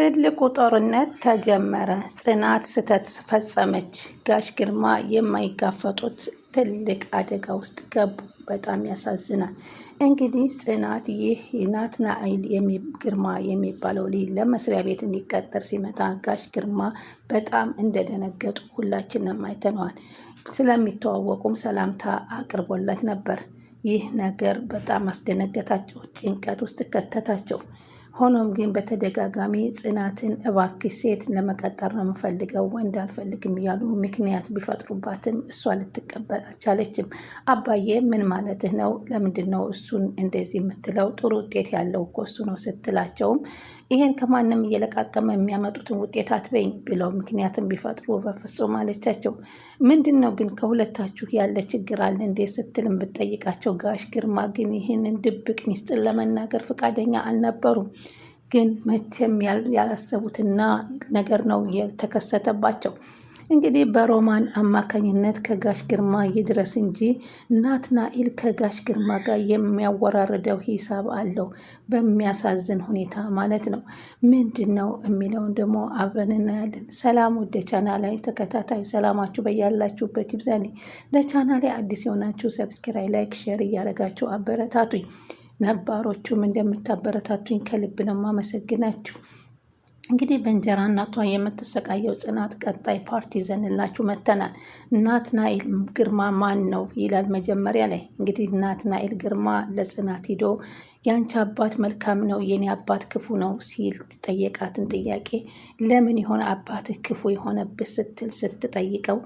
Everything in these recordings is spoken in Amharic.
ትልቁ ጦርነት ተጀመረ። ጽናት ስህተት ፈጸመች። ጋሽ ግርማ የማይጋፈጡት ትልቅ አደጋ ውስጥ ገቡ። በጣም ያሳዝናል። እንግዲህ ጽናት ይህ ናትናኤል ግርማ የሚባለው ልጅ ለመስሪያ ቤት እንዲቀጠር ሲመጣ ጋሽ ግርማ በጣም እንደደነገጡ ሁላችንም አይተነዋል። ስለሚተዋወቁም ሰላምታ አቅርቦለት ነበር። ይህ ነገር በጣም አስደነገታቸው ጭንቀት ውስጥ ከተታቸው። ሆኖም ግን በተደጋጋሚ ጽናትን እባክሽ ሴት ለመቀጠር ነው የምፈልገው ወንድ አልፈልግም እያሉ ምክንያት ቢፈጥሩባትም እሷ ልትቀበል አልቻለችም። አባዬ ምን ማለትህ ነው? ለምንድን ነው እሱን እንደዚህ የምትለው? ጥሩ ውጤት ያለው እኮ እሱ ነው ስትላቸውም ይህን ከማንም እየለቃቀመ የሚያመጡትን ውጤት አትበይኝ ብለው ምክንያትም ቢፈጥሩ በፍጹም አለቻቸው። ምንድን ነው ግን ከሁለታችሁ ያለ ችግር አለ እንዴ? ስትልም ብትጠይቃቸው ጋሽ ግርማ ግን ይህንን ድብቅ ሚስጥር ለመናገር ፈቃደኛ አልነበሩም። ግን መቼም ያላሰቡትና ነገር ነው የተከሰተባቸው። እንግዲህ በሮማን አማካኝነት ከጋሽ ግርማ ይድረስ እንጂ ናትናኤል ከጋሽ ግርማ ጋር የሚያወራርደው ሂሳብ አለው። በሚያሳዝን ሁኔታ ማለት ነው። ምንድን ነው የሚለውን ደግሞ አብረን እናያለን። ሰላም ወደ ቻና ላይ ተከታታዩ ሰላማችሁ በያላችሁበት ይብዛልኝ። ለቻና ላይ አዲስ የሆናችሁ ሰብስክራይ፣ ላይክ፣ ሼር እያደረጋችሁ አበረታቱኝ። ነባሮቹም እንደምታበረታቱኝ ከልብ ነው ማመሰግናችሁ። እንግዲህ በእንጀራ እናቷ የምትሰቃየው ጽናት ቀጣይ ፓርቲ ዘንላችሁ መተናል። ናትናኤል ግርማ ማን ነው ይላል መጀመሪያ ላይ እንግዲህ ናትናኤል ግርማ ለጽናት ሂዶ የአንቺ አባት መልካም ነው፣ የኔ አባት ክፉ ነው ሲል ጠየቃትን ጥያቄ ለምን የሆነ አባትህ ክፉ የሆነብህ ስትል ስትጠይቀው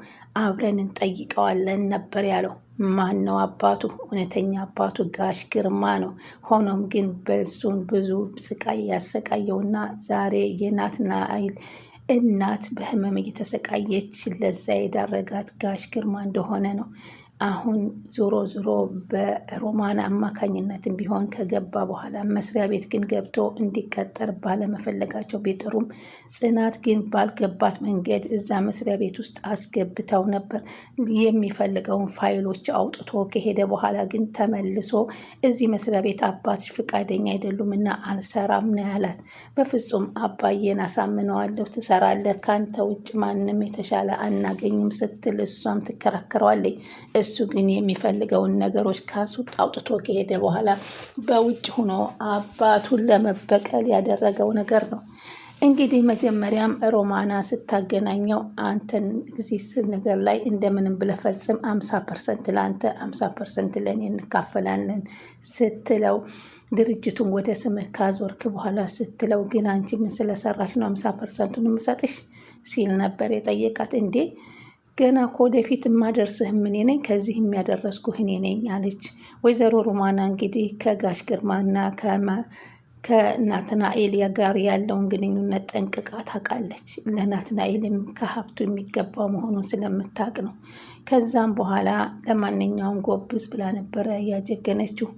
አብረን እንጠይቀዋለን ነበር ያለው። ማን ነው አባቱ? እውነተኛ አባቱ ጋሽ ግርማ ነው። ሆኖም ግን በሱን ብዙ ስቃይ ያሰቃየውና ዛሬ የናትናኤል እናት በህመም እየተሰቃየች ለዛ የዳረጋት ጋሽ ግርማ እንደሆነ ነው። አሁን ዞሮ ዞሮ በሮማን አማካኝነትም ቢሆን ከገባ በኋላ መስሪያ ቤት ግን ገብቶ እንዲቀጠር ባለመፈለጋቸው ቢጥሩም ጽናት ግን ባልገባት መንገድ እዛ መስሪያ ቤት ውስጥ አስገብተው ነበር። የሚፈልገውን ፋይሎች አውጥቶ ከሄደ በኋላ ግን ተመልሶ እዚህ መስሪያ ቤት አባት ፍቃደኛ አይደሉም እና አልሰራም ነው ያላት። በፍጹም አባዬን አሳምነዋለሁ፣ ትሰራለህ፣ ካንተ ውጭ ማንም የተሻለ አናገኝም ስትል እሷም ትከራከረዋለች። እሱ ግን የሚፈልገውን ነገሮች ካሱ ጣውጥቶ ከሄደ በኋላ በውጭ ሆኖ አባቱን ለመበቀል ያደረገው ነገር ነው። እንግዲህ መጀመሪያም ሮማና ስታገናኘው አንተን ኤግዚስት ነገር ላይ እንደምንም ብለህ ፈጽም፣ አምሳ ፐርሰንት ለአንተ አምሳ ፐርሰንት ለእኔ እንካፈላለን ስትለው ድርጅቱን ወደ ስምህ ካዞርክ በኋላ ስትለው ግን አንቺ ምን ስለሰራሽ ነው አምሳ ፐርሰንቱን የምሰጥሽ ሲል ነበር የጠየቃት እንዴ ገና ከወደፊት የማደርስህ እኔ ነኝ ከዚህ የሚያደረስኩህ እኔ ነኝ አለች። ወይዘሮ ሩማና እንግዲህ ከጋሽ ግርማና ከናትናኤል ጋር ያለውን ግንኙነት ጠንቅቃ ታውቃለች። ለናትናኤልም ከሀብቱ የሚገባው መሆኑን ስለምታውቅ ነው። ከዛም በኋላ ለማንኛውም ጎብዝ ብላ ነበረ ያጀገነችው።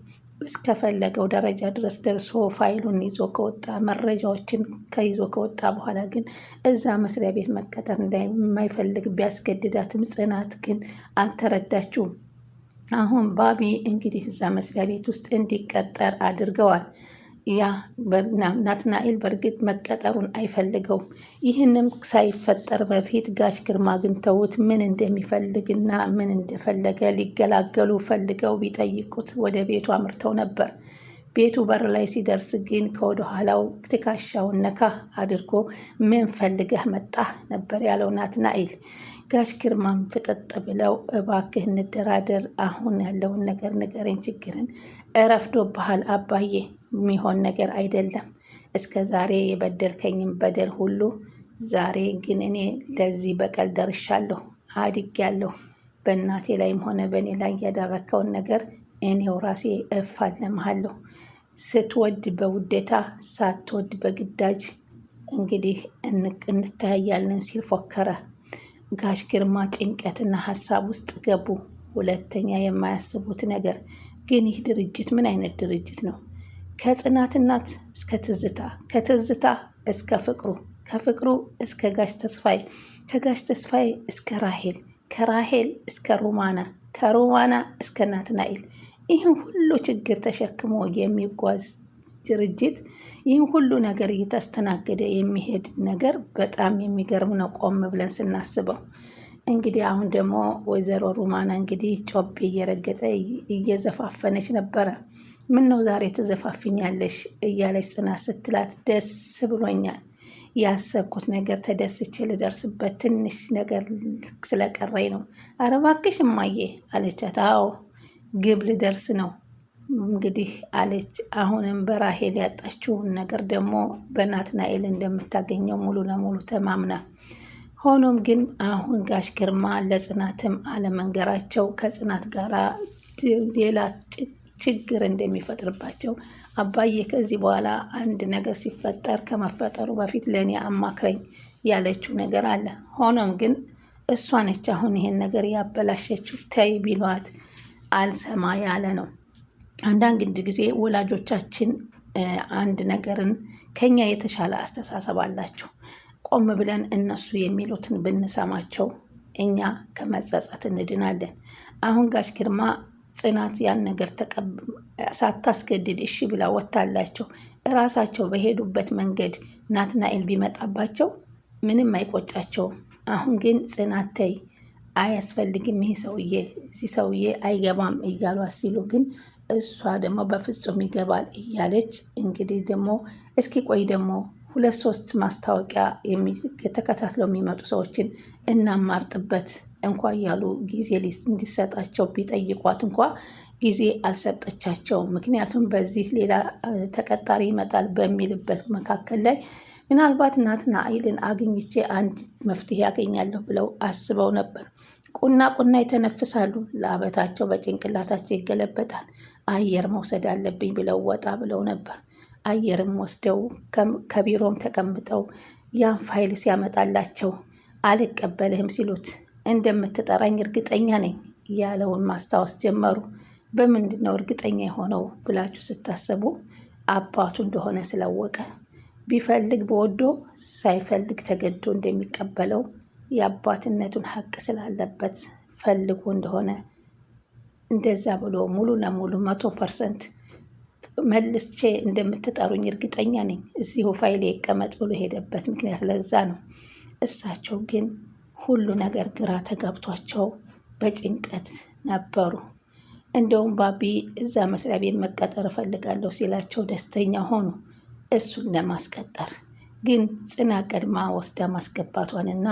እስከፈለገው ደረጃ ድረስ ደርሶ ፋይሉን ይዞ ከወጣ መረጃዎችን ከይዞ ከወጣ በኋላ ግን እዛ መስሪያ ቤት መቀጠር እንደማይፈልግ ቢያስገድዳትም ጽናት ግን አልተረዳችውም። አሁን ባቢ እንግዲህ እዛ መስሪያ ቤት ውስጥ እንዲቀጠር አድርገዋል። ያ ናትናኤል በእርግጥ መቀጠሩን አይፈልገውም። ይህንም ሳይፈጠር በፊት ጋሽ ግርማ ግን ምን እንደሚፈልግና ምን እንደፈለገ ሊገላገሉ ፈልገው ቢጠይቁት ወደ ቤቱ አምርተው ነበር። ቤቱ በር ላይ ሲደርስ ግን ከወደኋላው ትካሻውን ትከሻውን ነካ አድርጎ ምን ፈልገህ መጣህ ነበር ያለው ናትናኤል። ጋሽ ግርማም ፍጥጥ ብለው እባክህ እንደራደር፣ አሁን ያለውን ነገር ንገረኝ፣ ችግርን እረፍዶብሃል አባዬ የሚሆን ነገር አይደለም። እስከ ዛሬ የበደልከኝም በደል ሁሉ ዛሬ ግን እኔ ለዚህ በቀል ደርሻለሁ፣ አድጌያለሁ። በእናቴ ላይም ሆነ በእኔ ላይ ያደረግከውን ነገር እኔው ራሴ እፋለምሃለሁ። ስትወድ በውዴታ ሳትወድ በግዳጅ እንግዲህ እንተያያለን ሲል ፎከረ። ጋሽ ግርማ ጭንቀትና ሀሳብ ውስጥ ገቡ። ሁለተኛ የማያስቡት ነገር ግን ይህ ድርጅት ምን አይነት ድርጅት ነው? ከጽናት እናት እስከ ትዝታ፣ ከትዝታ እስከ ፍቅሩ፣ ከፍቅሩ እስከ ጋሽ ተስፋይ፣ ከጋሽ ተስፋይ እስከ ራሄል፣ ከራሄል እስከ ሩማና ከሩማና እስከ ናትናኤል ይህን ሁሉ ችግር ተሸክሞ የሚጓዝ ድርጅት ይህን ሁሉ ነገር እየተስተናገደ የሚሄድ ነገር በጣም የሚገርም ነው፣ ቆም ብለን ስናስበው። እንግዲህ አሁን ደግሞ ወይዘሮ ሩማና እንግዲህ ጮቤ እየረገጠ እየዘፋፈነች ነበረ። ምን ነው ዛሬ ትዘፋፍኛለሽ? እያለች ጽናት ስትላት ደስ ብሎኛል ያሰብኩት ነገር ተደስቼ ልደርስበት ትንሽ ነገር ስለቀረኝ ነው። ኧረ እባክሽ እማዬ አለቻት። አዎ ግብ ልደርስ ነው እንግዲህ አለች። አሁንም በራሄል ያጣችውን ነገር ደግሞ በናትናኤል እንደምታገኘው ሙሉ ለሙሉ ተማምና ሆኖም ግን አሁን ጋሽ ግርማ ለጽናትም አለመንገራቸው ከጽናት ጋር ሌላ ችግር እንደሚፈጥርባቸው አባዬ ከዚህ በኋላ አንድ ነገር ሲፈጠር ከመፈጠሩ በፊት ለእኔ አማክረኝ ያለችው ነገር አለ። ሆኖም ግን እሷ ነች አሁን ይሄን ነገር ያበላሸችው። ተይ ቢሏት አልሰማ ያለ ነው። አንዳንድ ጊዜ ወላጆቻችን አንድ ነገርን ከኛ የተሻለ አስተሳሰብ አላቸው። ቆም ብለን እነሱ የሚሉትን ብንሰማቸው እኛ ከመጸጸት እንድናለን። አሁን ጋሽ ግርማ ጽናት ያን ነገር ሳታስገድድ እሺ ብላ ወታላቸው እራሳቸው በሄዱበት መንገድ ናትናኤል ቢመጣባቸው ምንም አይቆጫቸውም። አሁን ግን ጽናት ተይ አያስፈልግም፣ ይህ ሰውዬ እዚህ ሰውዬ አይገባም እያሏት ሲሉ ግን እሷ ደግሞ በፍጹም ይገባል እያለች እንግዲህ ደግሞ እስኪ ቆይ ደግሞ ሁለት ሶስት ማስታወቂያ ተከታትለው የሚመጡ ሰዎችን እናማርጥበት እንኳ እያሉ ጊዜ እንዲሰጣቸው ቢጠይቋት እንኳ ጊዜ አልሰጠቻቸውም። ምክንያቱም በዚህ ሌላ ተቀጣሪ ይመጣል በሚልበት መካከል ላይ ምናልባት ናትናኤልን አግኝቼ አንድ መፍትሄ ያገኛለሁ ብለው አስበው ነበር። ቁና ቁና ይተነፍሳሉ፣ ለአበታቸው በጭንቅላታቸው ይገለበጣል። አየር መውሰድ አለብኝ ብለው ወጣ ብለው ነበር። አየርም ወስደው ከቢሮም ተቀምጠው ያን ፋይል ሲያመጣላቸው አልቀበልህም ሲሉት እንደምትጠራኝ እርግጠኛ ነኝ ያለውን ማስታወስ ጀመሩ። በምንድን ነው እርግጠኛ የሆነው ብላችሁ ስታስቡ አባቱ እንደሆነ ስላወቀ ቢፈልግ በወዶ ሳይፈልግ ተገዶ እንደሚቀበለው የአባትነቱን ሀቅ ስላለበት ፈልጎ እንደሆነ እንደዛ ብሎ ሙሉ ለሙሉ መቶ ፐርሰንት መልስቼ እንደምትጠሩኝ እርግጠኛ ነኝ እዚሁ ፋይሌ ይቀመጥ ብሎ የሄደበት ምክንያት ለዛ ነው። እሳቸው ግን ሁሉ ነገር ግራ ተጋብቷቸው በጭንቀት ነበሩ። እንደውም ባቢ እዛ መስሪያ ቤት መቀጠር እፈልጋለሁ ሲላቸው ደስተኛ ሆኑ። እሱን ለማስቀጠር ግን ጽና ቀድማ ወስዳ ማስገባቷንና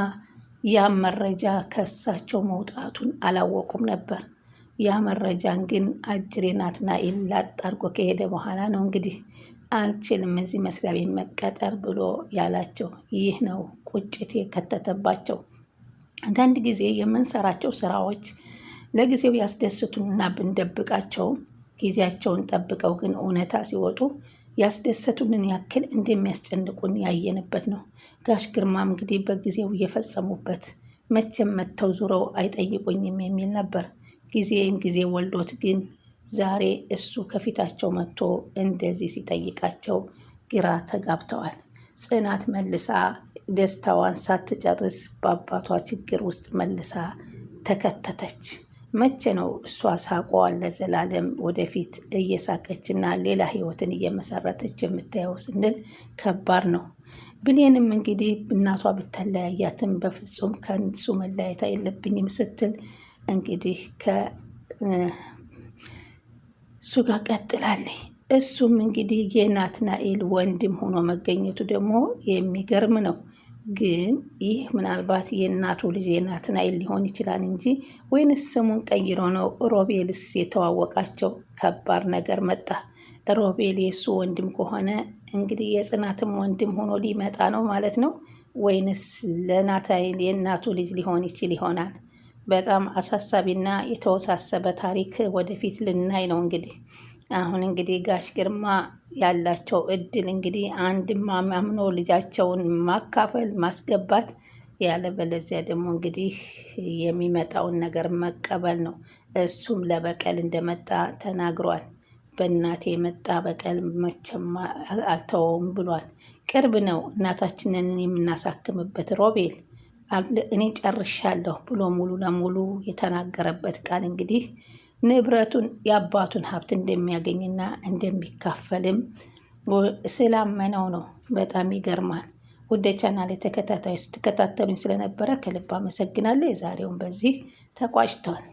ያ መረጃ ከሳቸው መውጣቱን አላወቁም ነበር። ያ መረጃን ግን አጅሬ ናትናኤል ላጥ አድርጎ ከሄደ በኋላ ነው እንግዲህ አልችልም እዚህ መስሪያ ቤት መቀጠር ብሎ ያላቸው። ይህ ነው ቁጭት የከተተባቸው። አንዳንድ ጊዜ የምንሰራቸው ስራዎች ለጊዜው ያስደስቱንና ብንደብቃቸውም ጊዜያቸውን ጠብቀው ግን እውነታ ሲወጡ ያስደሰቱንን ያክል እንደሚያስጨንቁን ያየንበት ነው። ጋሽ ግርማም እንግዲህ በጊዜው እየፈጸሙበት መቼም መጥተው ዙረው አይጠይቁኝም የሚል ነበር። ጊዜን ጊዜ ወልዶት ግን ዛሬ እሱ ከፊታቸው መጥቶ እንደዚህ ሲጠይቃቸው ግራ ተጋብተዋል። ጽናት መልሳ ደስታዋን ሳትጨርስ በአባቷ ችግር ውስጥ መልሳ ተከተተች። መቼ ነው እሷ ሳቋዋን ለዘላለም ወደፊት እየሳቀችና ሌላ ህይወትን እየመሰረተች የምታየው ስንል ከባድ ነው። ብሌንም እንግዲህ እናቷ ብትለያያትም በፍጹም ከእሱ መለያየት የለብኝም ስትል እንግዲህ ከእሱ ጋር ቀጥላለች። እሱም እንግዲህ የናትናኤል ወንድም ሆኖ መገኘቱ ደግሞ የሚገርም ነው። ግን ይህ ምናልባት የእናቱ ልጅ ናትናኤል ሊሆን ይችላል እንጂ ወይንስ ስሙን ቀይሮ ነው? ሮቤልስ የተዋወቃቸው ከባድ ነገር መጣ። ሮቤል የእሱ ወንድም ከሆነ እንግዲህ የጽናትም ወንድም ሆኖ ሊመጣ ነው ማለት ነው። ወይንስ ለናታይል የእናቱ ልጅ ሊሆን ይችል ይሆናል? በጣም አሳሳቢና የተወሳሰበ ታሪክ ወደፊት ልናይ ነው እንግዲህ አሁን እንግዲህ ጋሽ ግርማ ያላቸው እድል እንግዲህ አንድ አምኖ ልጃቸውን ማካፈል ማስገባት፣ ያለበለዚያ ደግሞ እንግዲህ የሚመጣውን ነገር መቀበል ነው። እሱም ለበቀል እንደመጣ ተናግሯል። በእናቴ የመጣ በቀል መቼም አልተወውም ብሏል። ቅርብ ነው እናታችንን የምናሳክምበት ሮቤል እኔ ጨርሻለሁ ብሎ ሙሉ ለሙሉ የተናገረበት ቃል እንግዲህ ንብረቱን የአባቱን ሀብት እንደሚያገኝና እንደሚካፈልም ስላመነው ነው። በጣም ይገርማል። ውድ ቻናል ተከታታይ ስትከታተሉኝ ስለነበረ ከልብ አመሰግናለሁ። የዛሬውን በዚህ ተቋጭቷል።